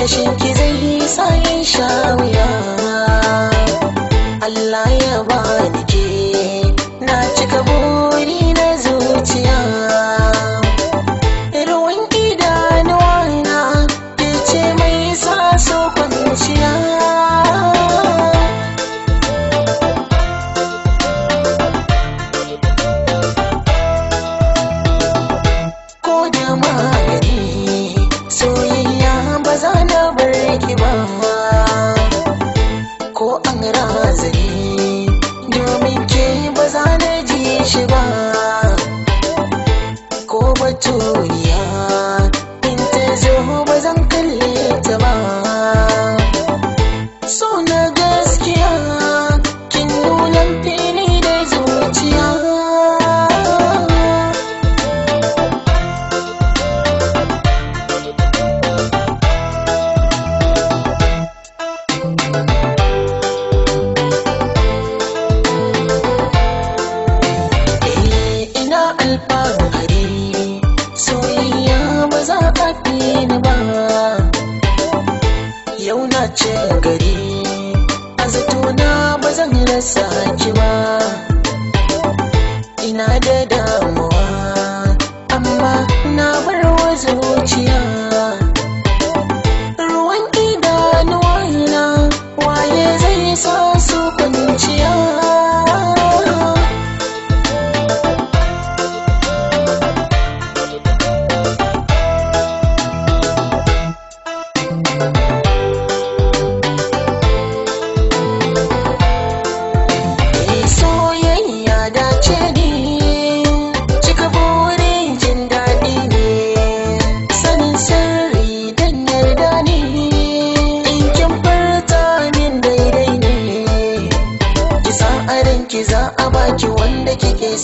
kashin ki zai yi in sha wuya Allah ya yau na ce gari a zatona ba zan rasa ki ba ina da damuwa amma na bar wasu zuciya ruwan idanuwa na waye zai sa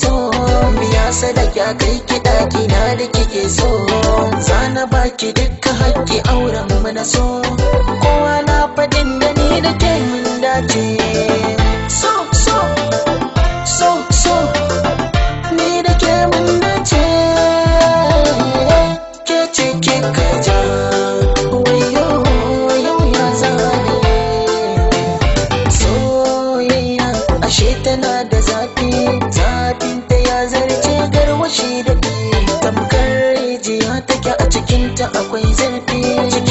so da sadaka kai kiɗa kina da kike so zana baki dukkan hakki auren mu na so kowa na faɗin da ni da ke mun dace bushe da ke tamkar rijiya take a cikinta akwai zurfi